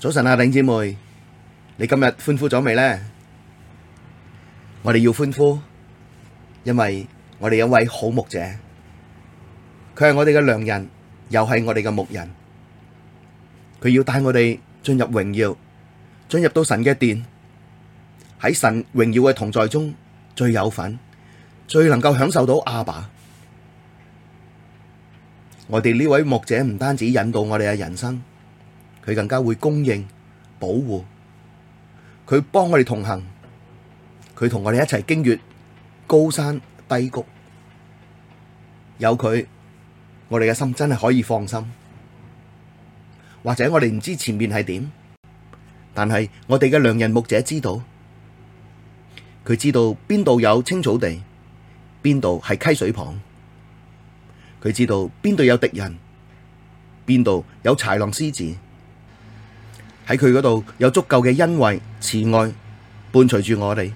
早晨啊，領姐妹，你今日歡呼咗未呢？我哋要歡呼，因為我哋有位好牧者，佢係我哋嘅良人，又係我哋嘅牧人，佢要帶我哋進入榮耀，進入到神嘅殿，喺神榮耀嘅同在中最有份，最能夠享受到阿爸。我哋呢位牧者唔單止引導我哋嘅人生。佢更加會供應保護，佢幫我哋同行，佢同我哋一齊經越高山低谷，有佢，我哋嘅心真係可以放心。或者我哋唔知前面係點，但係我哋嘅良人牧者知道，佢知道邊度有青草地，邊度係溪水旁，佢知道邊度有敵人，邊度有豺狼獅子。喺佢嗰度有足夠嘅恩惠慈愛伴隨住我哋，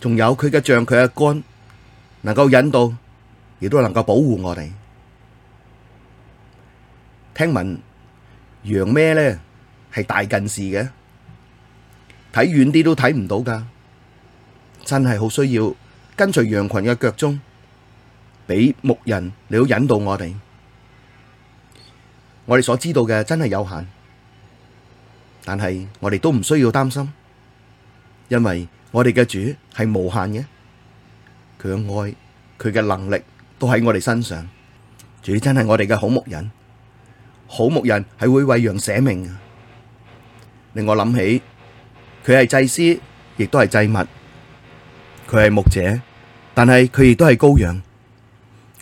仲有佢嘅杖、佢嘅竿，能夠引導，亦都能夠保護我哋。聽聞羊咩咧係大近視嘅，睇遠啲都睇唔到噶，真係好需要跟隨羊群嘅腳蹤，俾牧人嚟到引導我哋。我哋所知道嘅真係有限。但係我哋都唔需要擔心，因為我哋嘅主係無限嘅，佢嘅愛、佢嘅能力都喺我哋身上。主真係我哋嘅好牧人，好牧人係會為羊捨命啊！令我諗起佢係祭司，亦都係祭物，佢係牧者，但係佢亦都係羔羊。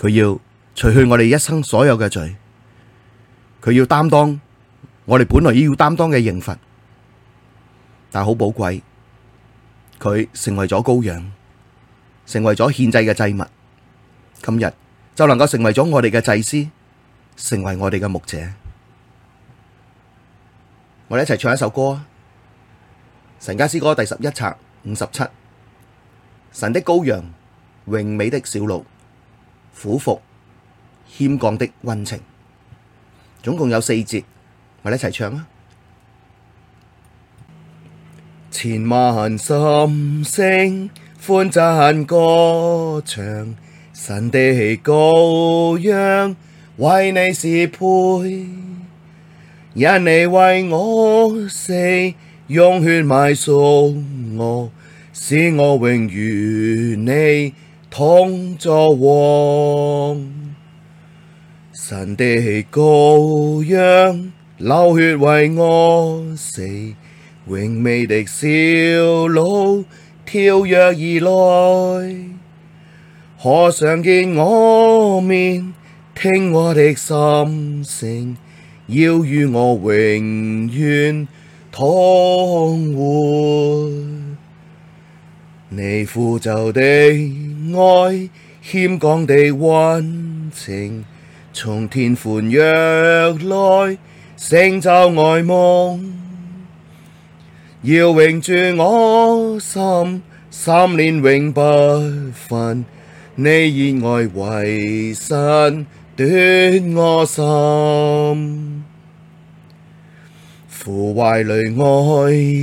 佢要除去我哋一生所有嘅罪，佢要擔當。我哋本來要擔當嘅刑罰，但好寶貴，佢成為咗羔羊，成為咗獻祭嘅祭物。今日就能夠成為咗我哋嘅祭司，成為我哋嘅牧者。我哋一齊唱一首歌啊！神家詩歌第十一冊五十七，神的羔羊，榮美的小鹿，俯伏謙降的溫情，總共有四節。我哋一齊唱啊！千萬心聲歡讚歌唱，唱神的羔羊為你是配，因你為我死，用血買贖我，使我永與你同作王。神的羔羊。流血為我死，榮美的小鹿跳躍而來。渴想見我面，聽我的心聲，要與我永遠同活。祢俯就的愛，謙降的溫情，從天歡躍來。成就愛夢，要永住我心，心連永不分。你熱愛為身，奪我心，父懷裡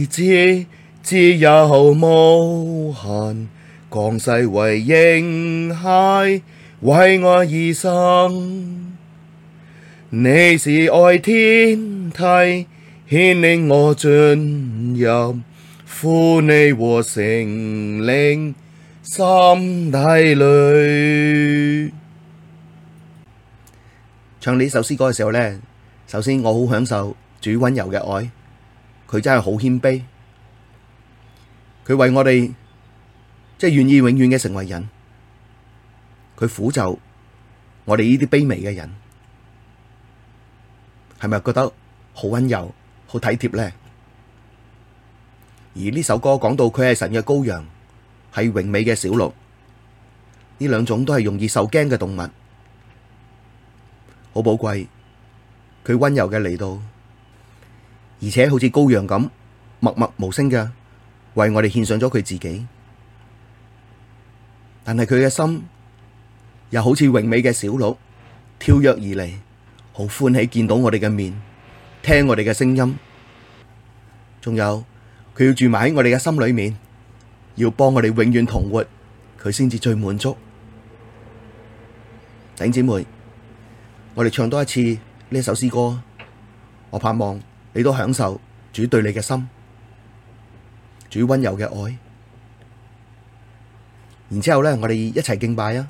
愛子自有無限，降世為嬰孩，為我而生。你是愛天梯，牽領我進入父、祢和聖靈心底裏。唱呢首詩歌嘅時候呢，首先我好享受主溫柔嘅愛，佢真係好謙卑，佢為我哋即係願意永遠嘅成為人，佢俯就我哋呢啲卑微嘅人。係咪覺得好温柔、好體貼咧？而呢首歌講到佢係神嘅羔羊，係榮美嘅小鹿，呢兩種都係容易受驚嘅動物，好寶貴。佢温柔嘅嚟到，而且好似羔羊咁默默無聲嘅，為我哋獻上咗佢自己。但係佢嘅心又好似榮美嘅小鹿，跳躍而嚟。好歡喜見到我哋嘅面，聽我哋嘅聲音，仲有佢要住埋喺我哋嘅心裏面，要幫我哋永遠同活，佢先至最滿足。弟姊妹，我哋唱多一次呢一首詩歌，我盼望你都享受主對你嘅心，主温柔嘅愛。然之後咧，我哋一齊敬拜啊！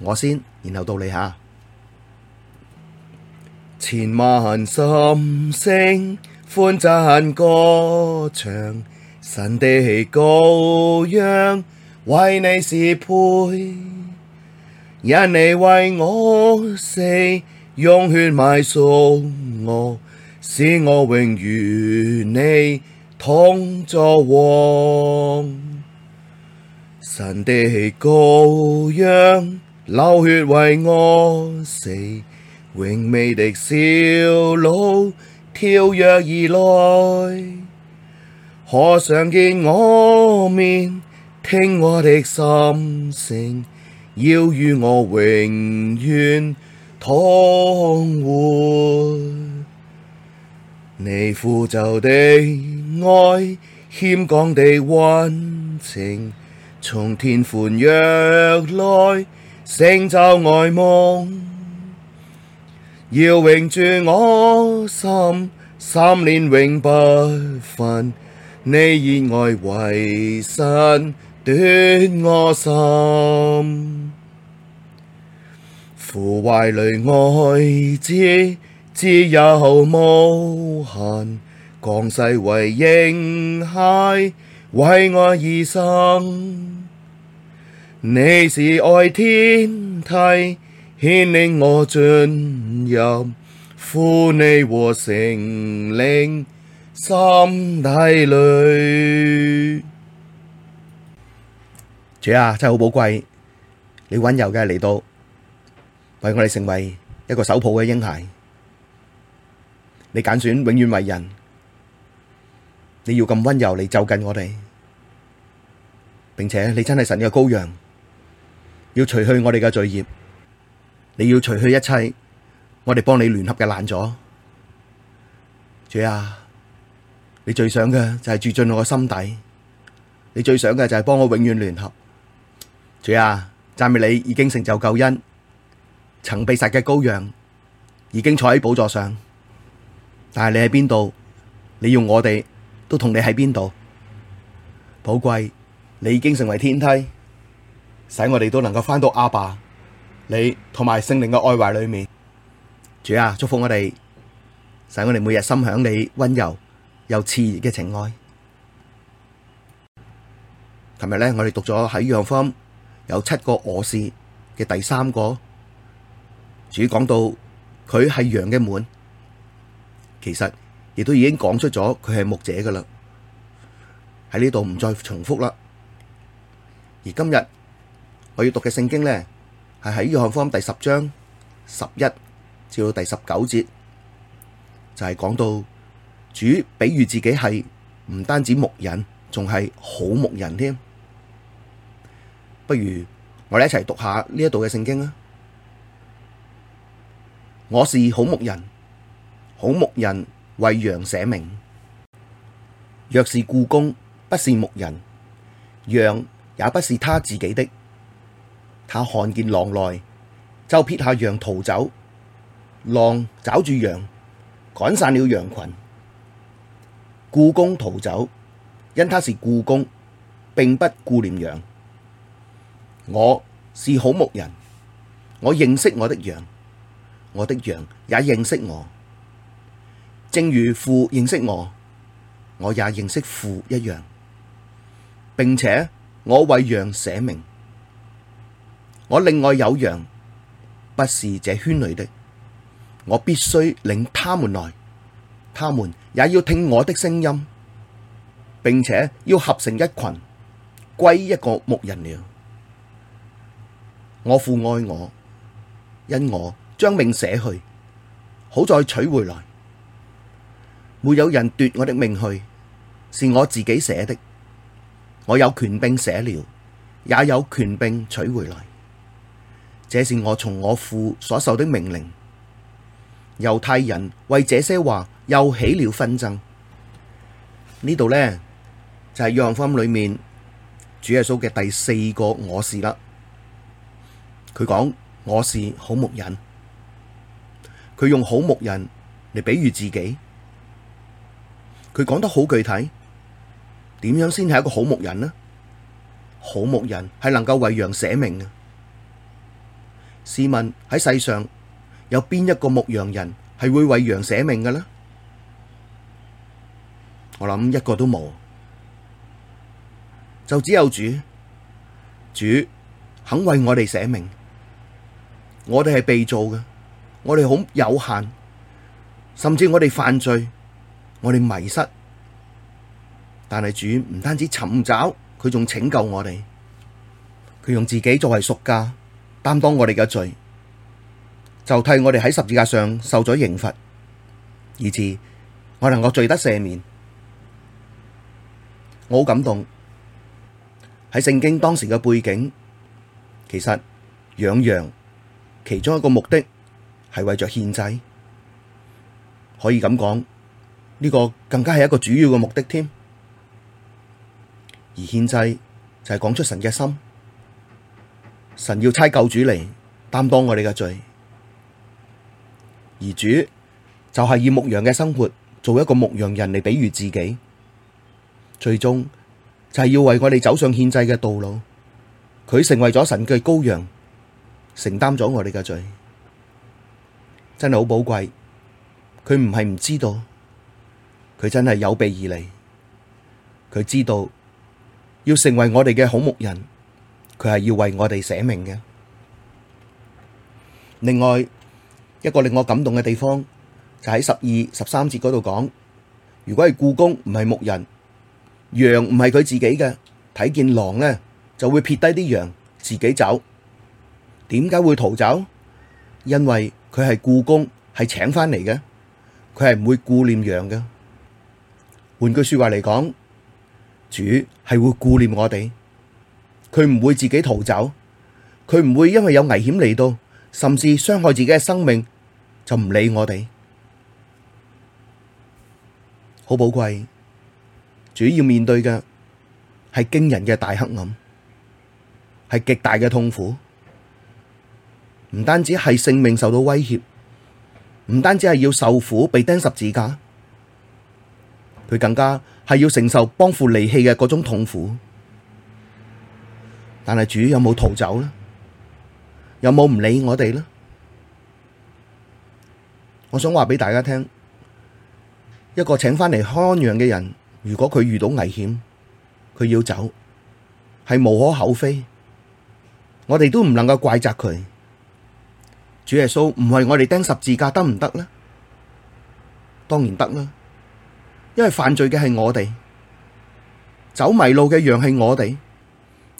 我先，然後到你吓。千萬心聲歡讚歌唱，神的羔羊，惟你是配，因你為我死，用血買贖我，使我永與你同作王。神的羔羊流血為我死。永未的笑路跳躍而來，可常見我面，聽我的心聲，要與我永遠同活。你呼就的愛，欠降的溫情，從天扶弱來，成就愛夢。要永住我心，心連永不分。祢熱愛、委身，奪我心。父懷裡愛子，自有無限。降世為嬰孩，為我而生。你是愛天梯。牽領我進入父你和聖靈心底裏，主啊，真係好寶貴，你温柔嘅嚟到，為我哋成為一個手抱嘅嬰孩。你揀選永遠為人，你要咁温柔嚟就近我哋，並且你真係神嘅羔羊，要除去我哋嘅罪孽。你要除去一切，我哋幫你聯合嘅攔阻。主啊，你最想嘅就係住進我嘅心底，你最想嘅就係幫我永遠聯合。主啊，讚美你已經成就救恩，曾被殺嘅羔羊已經坐喺寶座上，但係你喺邊度？你要我哋都同你喺邊度？寶貴，你已經成為天梯，使我哋都能夠返到阿爸，你同埋聖靈嘅愛懷裡面，主啊，祝福我哋，使我哋每日心享你溫柔又熾熱嘅情愛。尋日咧，我哋讀咗喺羊方有七個我是嘅第三個，主講到佢係羊嘅門，其實亦都已經講出咗佢係牧者噶啦。喺呢度唔再重複啦。而今日我要讀嘅聖經咧。係喺約翰福音第十章十一至到第十九節，就係、是、講到主，比喻自己係唔單止牧人，仲係好牧人添。不如我哋一齊讀一下呢一度嘅聖經啦。我是好牧人，好牧人為羊捨命。若是雇工，不是牧人，羊也不是他自己的。他看見狼來，就撇下羊逃走。狼抓住羊，趕散了羊群。雇工逃走，因他是雇工，並不顧念羊。我是好牧人，我認識我的羊，我的羊也認識我，正如父認識我，我也認識父一樣，並且我為羊捨命。我另外有羊，不是這圈裡的。我必須領他們來，他們也要聽我的聲音，並且要合成一群，歸一個牧人了。我父愛我，因我將命捨去，好再取回來。沒有人奪我的命去，是我自己捨的。我有權柄捨了，也有權柄取回來。這是我從我父所受的命令。猶太人為這些話又起了紛爭。呢度呢，就係約翰福音裏面主耶穌嘅第四個我是啦。佢講我是好牧人。佢用好牧人嚟比喻自己。佢講得好具體，點樣先係一個好牧人呢？好牧人係能夠為羊捨命嘅。試問喺世上有邊一個牧羊人係會為羊捨命嘅呢？我諗一個都冇，就只有主，主肯為我哋捨命。我哋係被造嘅，我哋好有限，甚至我哋犯罪，我哋迷失。但係主唔單止尋找，佢仲拯救我哋。佢用自己作為贖價。擔當我哋嘅罪，就替我哋喺十字架上受咗刑罰，以致我能夠罪得赦免。我好感動。喺聖經當時嘅背景，其實養羊其中一個目的係為咗獻祭，可以咁講，呢個更加係一個主要嘅目的添。而獻祭就係講出神嘅心。神要差救主嚟擔當我哋嘅罪，而主就係以牧羊嘅生活做一個牧羊人嚟比喻自己，最終就係要為我哋走上獻祭嘅道路。佢成為咗神嘅羔羊，承擔咗我哋嘅罪，真係好寶貴。佢唔係唔知道，佢真係有備而嚟，佢知道要成為我哋嘅好牧人。佢係要為我哋捨命嘅。另外一個令我感動嘅地方就喺十二十三節嗰度講，如果係雇工唔係牧人，羊唔係佢自己嘅，睇見狼咧就會撇低啲羊自己走。點解會逃走？因為佢係雇工，係請翻嚟嘅，佢係唔會顧念羊嘅。換句說話嚟講，主係會顧念我哋。佢唔會自己逃走，佢唔會因為有危險嚟到，甚至傷害自己嘅生命，就唔理我哋。好寶貴。主要面對嘅係驚人嘅大黑暗，係極大嘅痛苦。唔單止係性命受到威脅，唔單止係要受苦被釘十字架，佢更加係要承受幫父離棄嘅嗰種痛苦。但係主有冇逃走咧？有冇唔理我哋咧？我想話俾大家聽，一個請翻嚟看羊嘅人，如果佢遇到危險，佢要走，係無可厚非。我哋都唔能夠怪責佢。主耶穌唔係我哋釘十字架得唔得咧？當然得啦，因為犯罪嘅係我哋，走迷路嘅羊係我哋。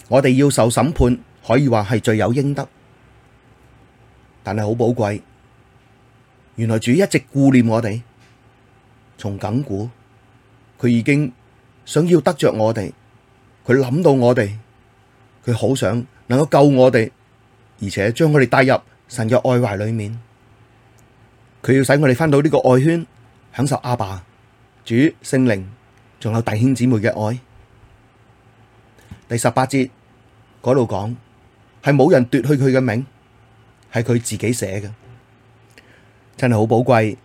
我哋要受審判，可以話係罪有應得，但係好寶貴。原來主一直顧念我哋，從亙古，佢已經想要得着我哋，佢諗到我哋，佢好想能夠救我哋，而且將我哋帶入神嘅愛懷裏面，佢要使我哋返到呢個愛圈，享受阿爸、主、聖靈，仲有弟兄姊妹嘅愛。第十八節嗰度講，係冇人奪去佢嘅命，係佢自己捨嘅，真係好寶貴。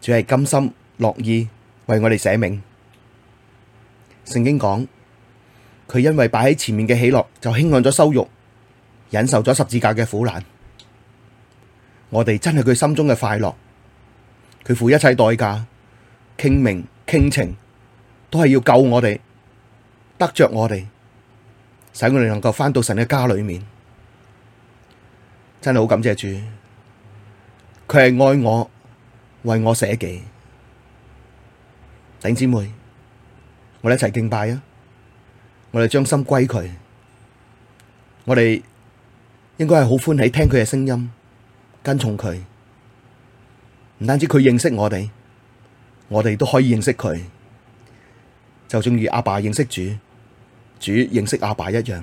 只係甘心樂意為我哋捨命。聖經講，佢因為擺喺前面嘅喜樂，就輕看咗羞辱，忍受咗十字架嘅苦難。我哋真係佢心中嘅快樂，佢付一切代價傾命傾情，都係要救我哋，得着我哋。使我哋能夠返到神嘅家裏面，真係好感謝主，佢係愛我，為我寫記，弟兄姊妹，我哋一齊敬拜啊！我哋將心歸佢，我哋應該係好歡喜聽佢嘅聲音，跟從佢。唔單止佢認識我哋，我哋都可以認識佢。就正如阿爸認識主。主認識阿爸一樣，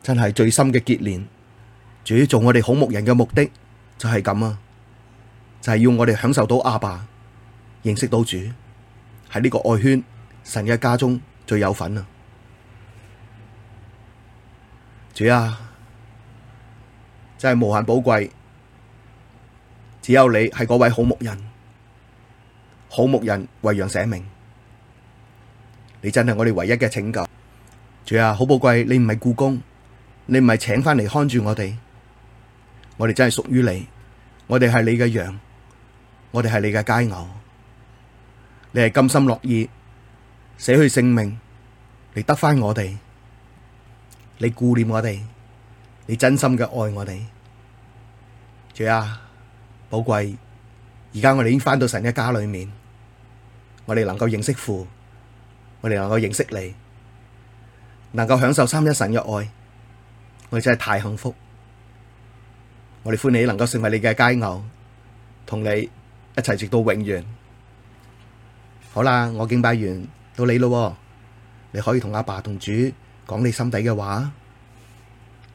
真係最深嘅結連。主做我哋好牧人嘅目的就係咁啊，就係、是、要我哋享受到阿爸，認識到主喺呢個愛圈，神嘅家中最有份啊！主啊，真係無限寶貴，只有你係嗰位好牧人，好牧人為羊捨命，你真係我哋唯一嘅拯救。主啊，好寶貴！你唔係雇工，你唔係請翻嚟看住我哋，我哋真係屬於你，我哋係你嘅羊，我哋係你嘅佳偶。你係甘心樂意捨去性命你得翻我哋，你顧念我哋，你真心嘅愛我哋，主啊，寶貴！而家我哋已經翻到神嘅家裏面，我哋能夠認識父，我哋能夠認識你。能夠享受三一神嘅愛，我哋真係太幸福。我哋歡喜能夠成為你嘅佳偶，同你一齊直到永遠。好啦，我敬拜完到你咯，你可以同阿爸同主講你心底嘅話，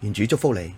願主祝福你。